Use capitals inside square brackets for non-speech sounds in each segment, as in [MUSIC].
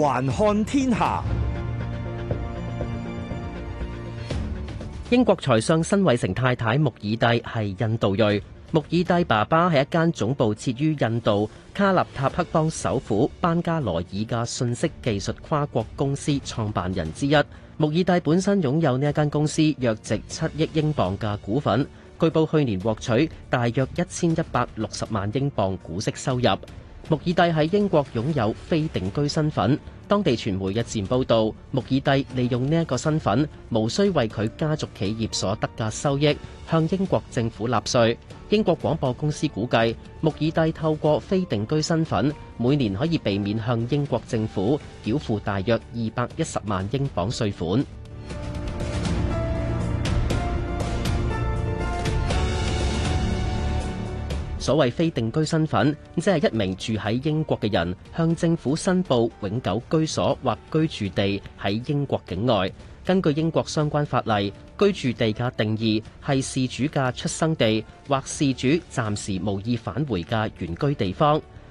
環看天下，英國財相辛偉誠太太穆爾蒂係印度裔。穆爾蒂爸爸係一間總部設於印度卡納塔克邦首府班加羅爾嘅信息技術跨國公司創辦人之一。穆爾蒂本身擁有呢一間公司約值七億英鎊嘅股份，據報去年獲取大約一千一百六十萬英鎊股息收入。穆爾蒂喺英國擁有非定居身份，當地傳媒日前報道，穆爾蒂利用呢一個身份，無需為佢家族企業所得嘅收益向英國政府納稅。英國廣播公司估計，穆爾蒂透過非定居身份，每年可以避免向英國政府繳付大約二百一十萬英鎊稅款。所謂非定居身份，即係一名住喺英國嘅人，向政府申報永久居所或居住地喺英國境外。根據英國相關法例，居住地嘅定義係事主嘅出生地，或事主暫時無意返回嘅原居地方。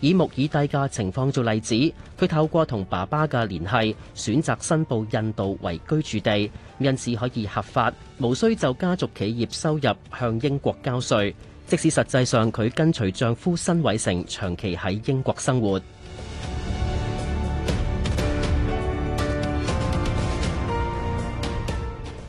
以穆爾蒂嘅情況做例子，佢透過同爸爸嘅聯繫，選擇申報印度為居住地，因此可以合法，無需就家族企業收入向英國交稅。即使實際上佢跟隨丈夫辛偉誠長期喺英國生活。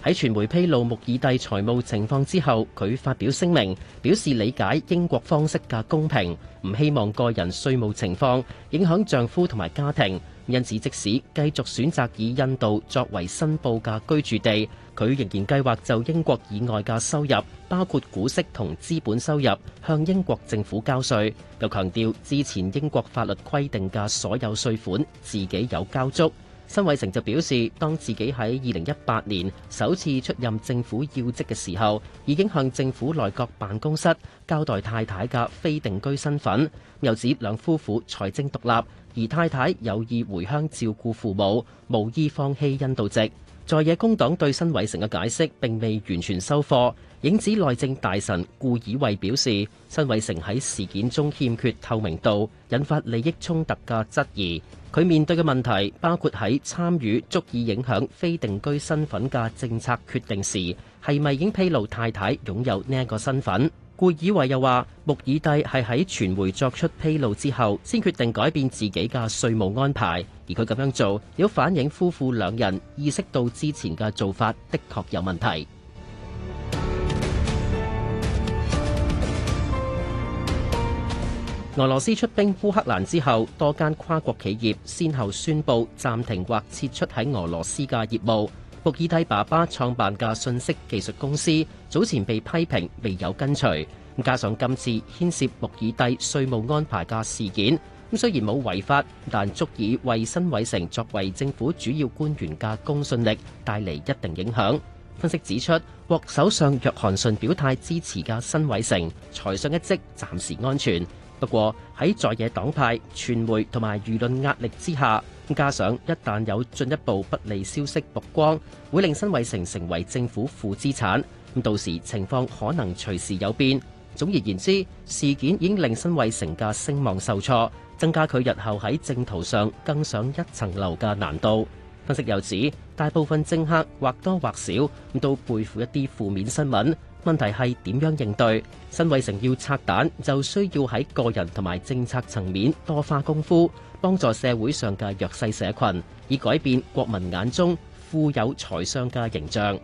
喺傳媒披露穆爾蒂財務情況之後，佢發表聲明，表示理解英國方式嘅公平，唔希望個人稅務情況，影響丈夫同埋家庭，因此即使繼續選擇以印度作為申報嘅居住地，佢仍然計劃就英國以外嘅收入，包括股息同資本收入，向英國政府交稅，又強調之前英國法律規定嘅所有稅款自己有交足。辛偉誠就表示，當自己喺二零一八年首次出任政府要職嘅時候，已經向政府內閣辦公室交代太太嘅非定居身份，又指兩夫婦財政獨立，而太太有意回鄉照顧父母，無意放棄印度籍。在野工黨對辛偉誠嘅解釋並未完全收貨，影子內政大臣顧以慧表示，辛偉誠喺事件中欠缺透明度，引發利益衝突嘅質疑。佢面對嘅問題包括喺參與足以影響非定居身份嘅政策決定時，係咪已經披露太太擁有呢一個身份？故以為又話，穆爾蒂係喺傳媒作出披露之後，先決定改變自己嘅稅務安排。而佢咁樣做，有反映夫婦兩人意識到之前嘅做法的確有問題。 [MUSIC] 俄羅斯出兵烏克蘭之後，多間跨國企業先後宣布暫停或撤出喺俄羅斯嘅業務。穆爾蒂爸爸創辦嘅信息技術公司早前被批評未有跟隨，咁加上今次牽涉穆爾蒂稅務安排嘅事件，咁雖然冇違法，但足以為辛偉誠作為政府主要官員嘅公信力帶嚟一定影響。分析指出，獲首相約翰遜表態支持嘅辛偉誠，財相一職暫時安全。不過喺在野黨派、傳媒同埋輿論壓力之下，加上一旦有進一步不利消息曝光，會令辛偉誠成為政府負資產。咁到時情況可能隨時有變。總而言之，事件已經令辛偉誠嘅聲望受挫，增加佢日後喺政途上更上一層樓嘅難度。分析又指，大部分政客或多或少都背負一啲負面新聞，問題係點樣應對？辛偉誠要拆彈就需要喺個人同埋政策層面多花功夫，幫助社會上嘅弱勢社群，以改變國民眼中富有財相嘅形象。